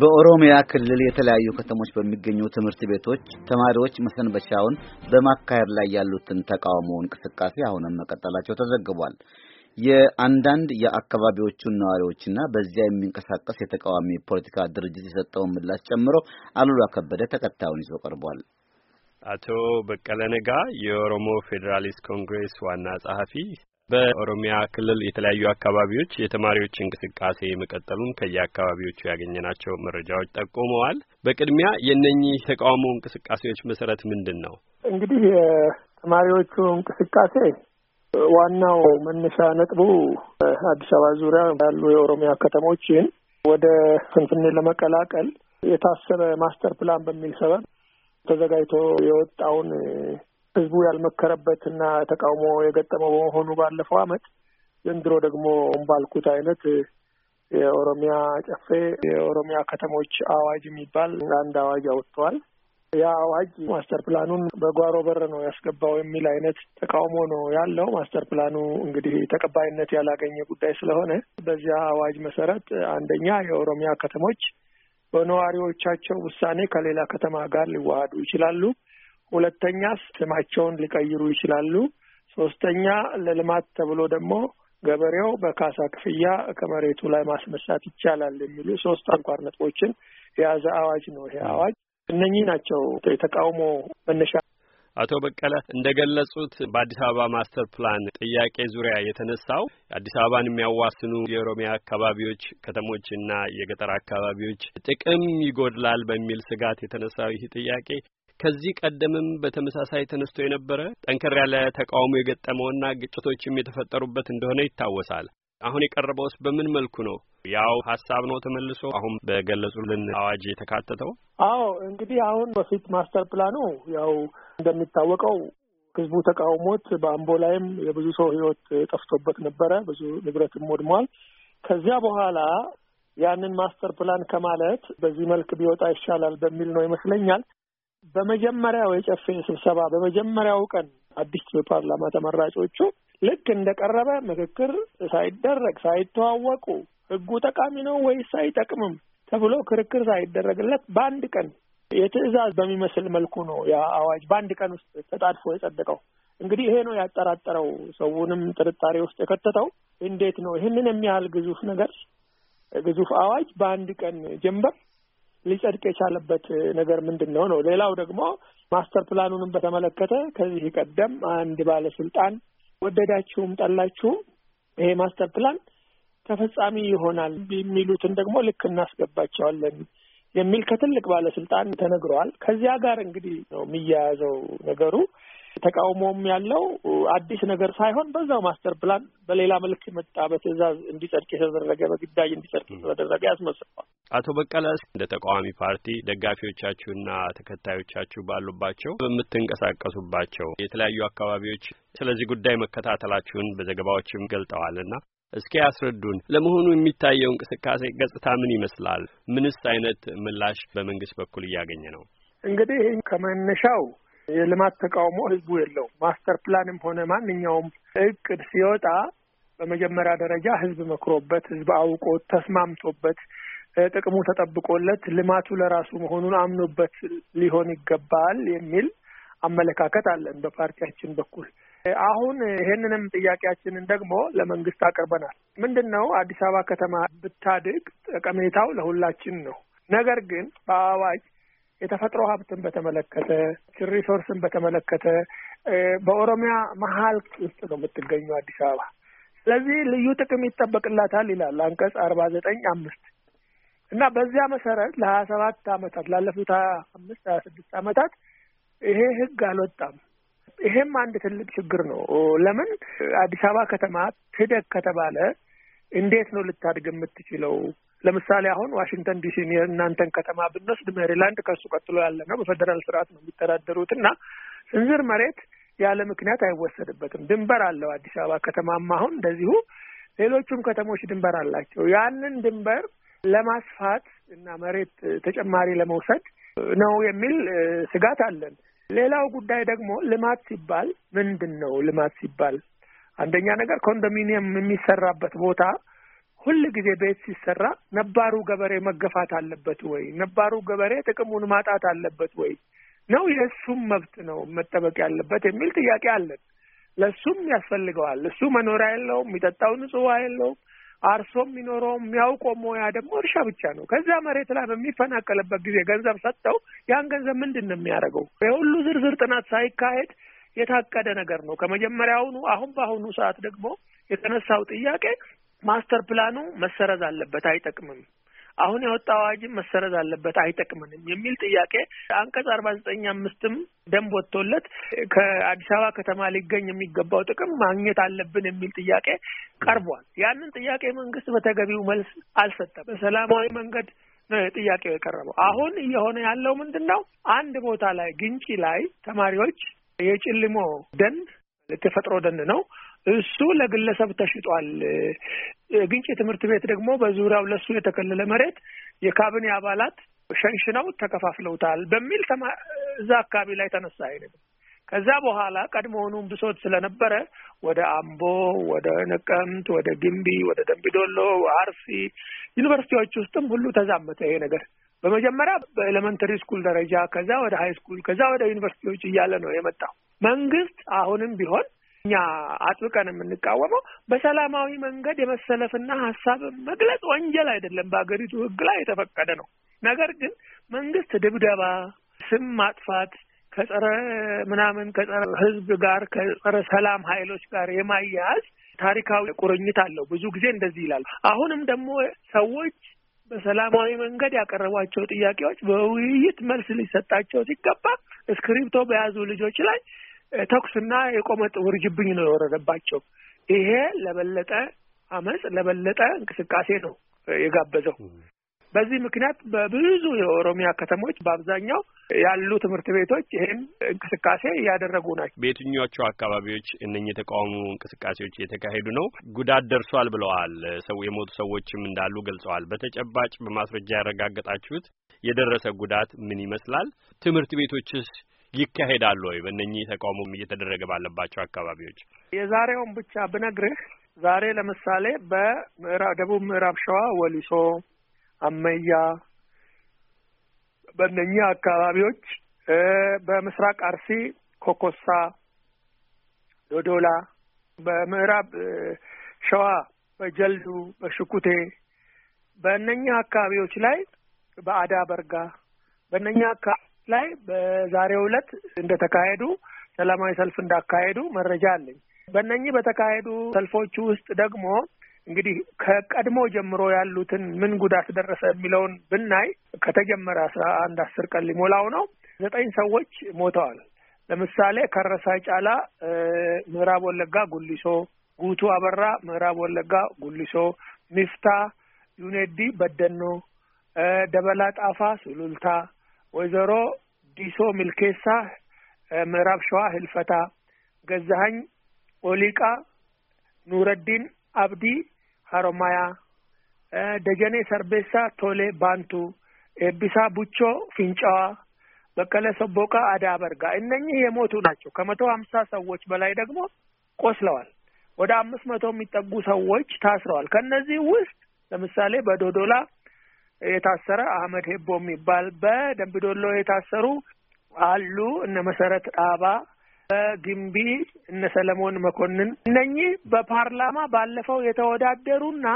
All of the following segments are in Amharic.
በኦሮሚያ ክልል የተለያዩ ከተሞች በሚገኙ ትምህርት ቤቶች ተማሪዎች መሰንበቻውን በማካሄድ ላይ ያሉትን ተቃውሞ እንቅስቃሴ አሁንም መቀጠላቸው ተዘግቧል። የአንዳንድ የአካባቢዎቹን ነዋሪዎችና በዚያ የሚንቀሳቀስ የተቃዋሚ ፖለቲካ ድርጅት የሰጠውን ምላሽ ጨምሮ አሉላ ከበደ ተከታዩን ይዞ ቀርቧል። አቶ በቀለ ነጋ የኦሮሞ ፌዴራሊስት ኮንግሬስ ዋና ጸሐፊ በኦሮሚያ ክልል የተለያዩ አካባቢዎች የተማሪዎች እንቅስቃሴ መቀጠሉን ከየአካባቢዎቹ ያገኘናቸው መረጃዎች ጠቁመዋል። በቅድሚያ የእነኚህ ተቃውሞ እንቅስቃሴዎች መሰረት ምንድን ነው? እንግዲህ የተማሪዎቹ እንቅስቃሴ ዋናው መነሻ ነጥቡ አዲስ አበባ ዙሪያ ያሉ የኦሮሚያ ከተሞችን ወደ ፍንፍኔ ለመቀላቀል የታሰበ ማስተር ፕላን በሚል ሰበብ ተዘጋጅቶ የወጣውን ህዝቡ እና ተቃውሞ የገጠመው በመሆኑ ባለፈው አመት ዘንድሮ ደግሞ ኦምባልኩት አይነት የኦሮሚያ ጨፌ የኦሮሚያ ከተሞች አዋጅ የሚባል አንድ አዋጅ አውጥተዋል። ያ አዋጅ ማስተር ፕላኑን በጓሮ በር ነው ያስገባው የሚል አይነት ተቃውሞ ነው ያለው። ማስተር ፕላኑ እንግዲህ ተቀባይነት ያላገኘ ጉዳይ ስለሆነ በዚያ አዋጅ መሰረት አንደኛ የኦሮሚያ ከተሞች በነዋሪዎቻቸው ውሳኔ ከሌላ ከተማ ጋር ሊዋሃዱ ይችላሉ። ሁለተኛ ስማቸውን ሊቀይሩ ይችላሉ። ሶስተኛ ለልማት ተብሎ ደግሞ ገበሬው በካሳ ክፍያ ከመሬቱ ላይ ማስነሳት ይቻላል የሚሉ ሶስት አንኳር ነጥቦችን የያዘ አዋጅ ነው ይሄ አዋጅ። እነኚህ ናቸው የተቃውሞ መነሻ። አቶ በቀለ እንደ ገለጹት በአዲስ አበባ ማስተር ፕላን ጥያቄ ዙሪያ የተነሳው አዲስ አበባን የሚያዋስኑ የኦሮሚያ አካባቢዎች ከተሞችና የገጠር አካባቢዎች ጥቅም ይጎድላል በሚል ስጋት የተነሳው ይህ ጥያቄ ከዚህ ቀደምም በተመሳሳይ ተነስቶ የነበረ ጠንከር ያለ ተቃውሞ የገጠመውና ግጭቶችም የተፈጠሩበት እንደሆነ ይታወሳል። አሁን የቀረበውስ በምን መልኩ ነው? ያው ሀሳብ ነው ተመልሶ አሁን በገለጹልን አዋጅ የተካተተው? አዎ እንግዲህ አሁን በፊት ማስተር ፕላኑ ያው እንደሚታወቀው ህዝቡ ተቃውሞት በአምቦ ላይም የብዙ ሰው ህይወት ጠፍቶበት ነበረ። ብዙ ንብረትም ወድሟል። ከዚያ በኋላ ያንን ማስተር ፕላን ከማለት በዚህ መልክ ቢወጣ ይሻላል በሚል ነው ይመስለኛል በመጀመሪያው የጨፌ ስብሰባ በመጀመሪያው ቀን አዲስ የፓርላማ ተመራጮቹ ልክ እንደቀረበ ምክክር ሳይደረግ ሳይተዋወቁ ህጉ ጠቃሚ ነው ወይስ አይጠቅምም ተብሎ ክርክር ሳይደረግለት በአንድ ቀን የትዕዛዝ በሚመስል መልኩ ነው ያ አዋጅ በአንድ ቀን ውስጥ ተጣድፎ የጸደቀው። እንግዲህ ይሄ ነው ያጠራጠረው፣ ሰውንም ጥርጣሬ ውስጥ የከተተው። እንዴት ነው ይህንን የሚያህል ግዙፍ ነገር ግዙፍ አዋጅ በአንድ ቀን ጀንበር ሊጸድቅ የቻለበት ነገር ምንድን ነው ነው። ሌላው ደግሞ ማስተር ፕላኑንም በተመለከተ ከዚህ ቀደም አንድ ባለስልጣን ወደዳችሁም ጠላችሁም ይሄ ማስተር ፕላን ተፈጻሚ ይሆናል የሚሉትን ደግሞ ልክ እናስገባቸዋለን የሚል ከትልቅ ባለስልጣን ተነግረዋል። ከዚያ ጋር እንግዲህ ነው የሚያያዘው ነገሩ ተቃውሞም ያለው አዲስ ነገር ሳይሆን በዛው ማስተር ፕላን በሌላ መልክ መጣ በትዕዛዝ እንዲጸድቅ የተደረገ በግዳጅ እንዲጸድቅ የተደረገ ያስመስለዋል። አቶ በቀለ እንደ ተቃዋሚ ፓርቲ ደጋፊዎቻችሁና ተከታዮቻችሁ ባሉባቸው በምትንቀሳቀሱባቸው የተለያዩ አካባቢዎች ስለዚህ ጉዳይ መከታተላችሁን በዘገባዎችም ገልጠዋልና እስኪ ያስረዱን። ለመሆኑ የሚታየው እንቅስቃሴ ገጽታ ምን ይመስላል? ምንስ አይነት ምላሽ በመንግስት በኩል እያገኘ ነው? እንግዲህ ከመነሻው የልማት ተቃውሞ ህዝቡ የለው። ማስተር ፕላንም ሆነ ማንኛውም እቅድ ሲወጣ በመጀመሪያ ደረጃ ህዝብ መክሮበት፣ ህዝብ አውቆት፣ ተስማምቶበት፣ ጥቅሙ ተጠብቆለት፣ ልማቱ ለራሱ መሆኑን አምኖበት ሊሆን ይገባል የሚል አመለካከት አለን በፓርቲያችን በኩል። አሁን ይሄንንም ጥያቄያችንን ደግሞ ለመንግስት አቅርበናል። ምንድን ነው አዲስ አበባ ከተማ ብታድግ ጠቀሜታው ለሁላችን ነው። ነገር ግን በአዋጅ የተፈጥሮ ሀብትን በተመለከተ ሪሶርስን በተመለከተ በኦሮሚያ መሀል ውስጥ ነው የምትገኘው አዲስ አበባ። ስለዚህ ልዩ ጥቅም ይጠበቅላታል ይላል አንቀጽ አርባ ዘጠኝ አምስት እና በዚያ መሰረት ለሀያ ሰባት አመታት ላለፉት ሀያ አምስት ሀያ ስድስት አመታት ይሄ ህግ አልወጣም። ይሄም አንድ ትልቅ ችግር ነው። ለምን አዲስ አበባ ከተማ ትደግ ከተባለ እንዴት ነው ልታድግ የምትችለው? ለምሳሌ አሁን ዋሽንግተን ዲሲ የእናንተን ከተማ ብንወስድ ሜሪላንድ ከሱ ቀጥሎ ያለ ነው። በፌዴራል ስርዓት ነው የሚተዳደሩት እና ስንዝር መሬት ያለ ምክንያት አይወሰድበትም። ድንበር አለው። አዲስ አበባ ከተማማ አሁን እንደዚሁ ሌሎቹም ከተሞች ድንበር አላቸው። ያንን ድንበር ለማስፋት እና መሬት ተጨማሪ ለመውሰድ ነው የሚል ስጋት አለን። ሌላው ጉዳይ ደግሞ ልማት ሲባል ምንድን ነው? ልማት ሲባል አንደኛ ነገር ኮንዶሚኒየም የሚሰራበት ቦታ ሁል ጊዜ ቤት ሲሰራ ነባሩ ገበሬ መገፋት አለበት ወይ? ነባሩ ገበሬ ጥቅሙን ማጣት አለበት ወይ? ነው የእሱም መብት ነው መጠበቅ ያለበት የሚል ጥያቄ አለን። ለእሱም ያስፈልገዋል። እሱ መኖሪያ የለውም፣ የሚጠጣው ንጹህ ውሃ የለውም። አርሶ የሚኖረውም የሚያውቀው ሙያ ደግሞ እርሻ ብቻ ነው። ከዛ መሬት ላይ በሚፈናቀልበት ጊዜ ገንዘብ ሰጥተው ያን ገንዘብ ምንድን ነው የሚያደርገው? የሁሉ ዝርዝር ጥናት ሳይካሄድ የታቀደ ነገር ነው ከመጀመሪያውኑ። አሁን በአሁኑ ሰዓት ደግሞ የተነሳው ጥያቄ ማስተር ፕላኑ መሰረዝ አለበት፣ አይጠቅምም አሁን የወጣው አዋጅም መሰረዝ አለበት አይጠቅምንም የሚል ጥያቄ አንቀጽ አርባ ዘጠኝ አምስትም ደንብ ወጥቶለት ከአዲስ አበባ ከተማ ሊገኝ የሚገባው ጥቅም ማግኘት አለብን የሚል ጥያቄ ቀርቧል። ያንን ጥያቄ መንግስት በተገቢው መልስ አልሰጠም። በሰላማዊ መንገድ ጥያቄው የቀረበው አሁን እየሆነ ያለው ምንድን ነው? አንድ ቦታ ላይ ግንጪ ላይ ተማሪዎች የጭልሞ ደን ተፈጥሮ ደን ነው። እሱ ለግለሰብ ተሽጧል። ግንጭ ትምህርት ቤት ደግሞ በዙሪያው ለሱ የተከለለ መሬት የካቢኔ አባላት ሸንሽነው ተከፋፍለውታል በሚል እዛ አካባቢ ላይ ተነሳ አይነት ከዛ በኋላ ቀድሞውኑም ብሶት ስለነበረ ወደ አምቦ፣ ወደ ነቀምት፣ ወደ ግንቢ፣ ወደ ደንቢዶሎ፣ አርሲ ዩኒቨርሲቲዎች ውስጥም ሁሉ ተዛመተ ይሄ ነገር። በመጀመሪያ በኤሌመንተሪ ስኩል ደረጃ ከዛ ወደ ሀይ ስኩል ከዛ ወደ ዩኒቨርሲቲዎች እያለ ነው የመጣው። መንግስት አሁንም ቢሆን እኛ አጥብቀን የምንቃወመው በሰላማዊ መንገድ የመሰለፍና ሀሳብ መግለጽ ወንጀል አይደለም፣ በሀገሪቱ ህግ ላይ የተፈቀደ ነው። ነገር ግን መንግስት ድብደባ፣ ስም ማጥፋት ከጸረ ምናምን ከጸረ ህዝብ ጋር ከጸረ ሰላም ኃይሎች ጋር የማያያዝ ታሪካዊ ቁርኝት አለው። ብዙ ጊዜ እንደዚህ ይላል። አሁንም ደግሞ ሰዎች በሰላማዊ መንገድ ያቀረቧቸው ጥያቄዎች በውይይት መልስ ሊሰጣቸው ሲገባ እስክሪብቶ በያዙ ልጆች ላይ ተኩስና የቆመጥ ውርጅብኝ ነው የወረደባቸው። ይሄ ለበለጠ አመፅ፣ ለበለጠ እንቅስቃሴ ነው የጋበዘው። በዚህ ምክንያት በብዙ የኦሮሚያ ከተሞች በአብዛኛው ያሉ ትምህርት ቤቶች ይህን እንቅስቃሴ እያደረጉ ናቸው። በየትኞቹ አካባቢዎች እነኚህ የተቃውሞ እንቅስቃሴዎች እየተካሄዱ ነው? ጉዳት ደርሷል ብለዋል። ሰው የሞቱ ሰዎችም እንዳሉ ገልጸዋል። በተጨባጭ በማስረጃ ያረጋገጣችሁት የደረሰ ጉዳት ምን ይመስላል? ትምህርት ቤቶችስ ይካሄዳሉ ወይ? በእነኚህ ተቃውሞም እየተደረገ ባለባቸው አካባቢዎች የዛሬውን ብቻ ብነግርህ ዛሬ ለምሳሌ በምዕራብ ደቡብ ምዕራብ ሸዋ ወሊሶ አመያ በእነኚህ አካባቢዎች በምስራቅ አርሲ ኮኮሳ፣ ዶዶላ፣ በምዕራብ ሸዋ በጀልዱ፣ በሽኩቴ በእነኚህ አካባቢዎች ላይ በአዳ በርጋ በነኛ አካባቢ ላይ በዛሬው ዕለት እንደተካሄዱ ሰላማዊ ሰልፍ እንዳካሄዱ መረጃ አለኝ። በእነኚህ በተካሄዱ ሰልፎች ውስጥ ደግሞ እንግዲህ ከቀድሞ ጀምሮ ያሉትን ምን ጉዳት ደረሰ የሚለውን ብናይ ከተጀመረ አስራ አንድ አስር ቀን ሊሞላው ነው። ዘጠኝ ሰዎች ሞተዋል። ለምሳሌ ከረሳ ጫላ፣ ምዕራብ ወለጋ ጉሊሶ፣ ጉቱ አበራ፣ ምዕራብ ወለጋ ጉሊሶ፣ ሚፍታ ዩኔዲ፣ በደኖ፣ ደበላ ጣፋ፣ ሱሉልታ፣ ወይዘሮ ዲሶ ሚልኬሳ፣ ምዕራብ ሸዋ ህልፈታ፣ ገዛሀኝ ኦሊቃ፣ ኑረዲን አብዲ ሀሮማያ፣ ደጀኔ ሰርቤሳ፣ ቶሌ ባንቱ፣ ኤቢሳ ቡቾ፣ ፊንጫዋ፣ በቀለ ሰቦቃ፣ አዳ በርጋ እነኚህ የሞቱ ናቸው። ከመቶ ሀምሳ ሰዎች በላይ ደግሞ ቆስለዋል። ወደ አምስት መቶ የሚጠጉ ሰዎች ታስረዋል። ከእነዚህ ውስጥ ለምሳሌ በዶዶላ የታሰረ አህመድ ሄቦ የሚባል በደንቢ የታሰሩ አሉ። እነ መሰረት ጣባ በግንቢ እነ ሰለሞን መኮንን እነኚህ በፓርላማ ባለፈው የተወዳደሩና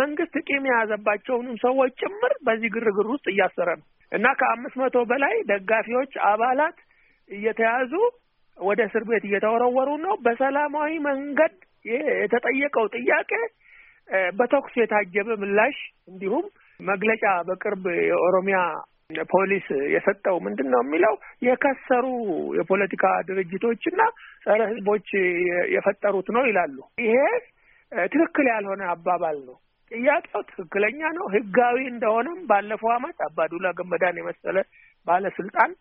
መንግስት ቂም የያዘባቸውንም ሰዎች ጭምር በዚህ ግርግር ውስጥ እያሰረ ነው እና ከአምስት መቶ በላይ ደጋፊዎች አባላት እየተያዙ ወደ እስር ቤት እየተወረወሩ ነው። በሰላማዊ መንገድ የተጠየቀው ጥያቄ በተኩስ የታጀበ ምላሽ እንዲሁም መግለጫ በቅርብ የኦሮሚያ ፖሊስ የሰጠው ምንድን ነው የሚለው የከሰሩ የፖለቲካ ድርጅቶችና ጸረ ህዝቦች የፈጠሩት ነው ይላሉ። ይሄ ትክክል ያልሆነ አባባል ነው። ጥያቄው ትክክለኛ ነው፣ ህጋዊ እንደሆነም ባለፈው ዓመት አባዱላ ገመዳን የመሰለ ባለስልጣን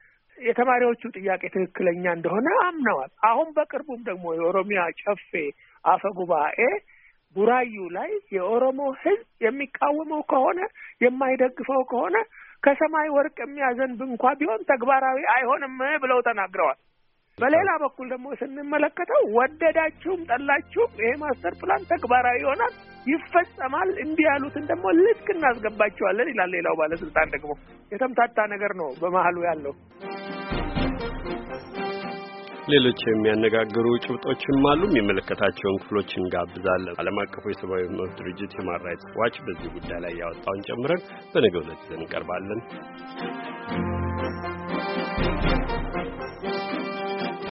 የተማሪዎቹ ጥያቄ ትክክለኛ እንደሆነ አምነዋል። አሁን በቅርቡም ደግሞ የኦሮሚያ ጨፌ አፈ ጉባኤ ቡራዩ ላይ የኦሮሞ ህዝብ የሚቃወመው ከሆነ የማይደግፈው ከሆነ ከሰማይ ወርቅ የሚያዘንብ እንኳ ቢሆን ተግባራዊ አይሆንም ብለው ተናግረዋል። በሌላ በኩል ደግሞ ስንመለከተው ወደዳችሁም ጠላችሁም ይሄ ማስተር ፕላን ተግባራዊ ይሆናል፣ ይፈጸማል። እንዲህ ያሉትን ደግሞ ልክ እናስገባቸዋለን ይላል ሌላው ባለስልጣን። ደግሞ የተምታታ ነገር ነው በመሀሉ ያለው። ሌሎች የሚያነጋግሩ ጭብጦችም አሉ። የሚመለከታቸውን ክፍሎች እንጋብዛለን። ዓለም አቀፉ የሰብአዊ መብት ድርጅት ሂውማን ራይትስ ዋች በዚህ ጉዳይ ላይ ያወጣውን ጨምረን በነገ ዕለት ይዘን እንቀርባለን።